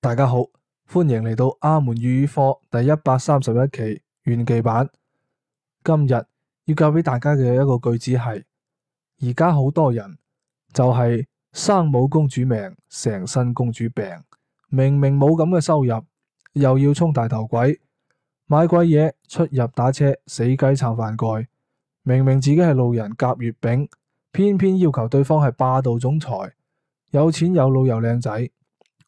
大家好，歡迎嚟到《阿門粵語課》第一百三十一期炫技版。今日要教俾大家嘅一個句子係：而家好多人就係生冇公主命，成身公主病。明明冇咁嘅收入，又要充大頭鬼，買貴嘢，出入打車，死雞撐飯蓋。明明自己係路人甲乙丙，偏偏要求對方係霸道總裁，有錢有腦又靚仔。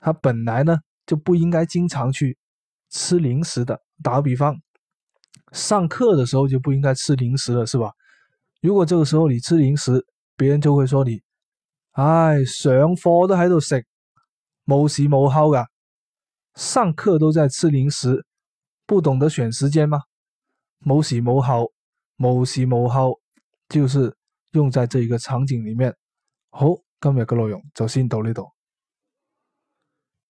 他本來呢就不應該經常去吃零食的。打個比方，上課的時候就不應該吃零食了，是吧？如果這個時候你吃零食，別人就會說你，唉、哎，上課都喺度食，冇時冇候噶，上課都在吃零食，不懂得選時間嗎？冇時冇候，冇時冇候，就是用在這一個場景裏面。好，今日嘅內容就先到呢度。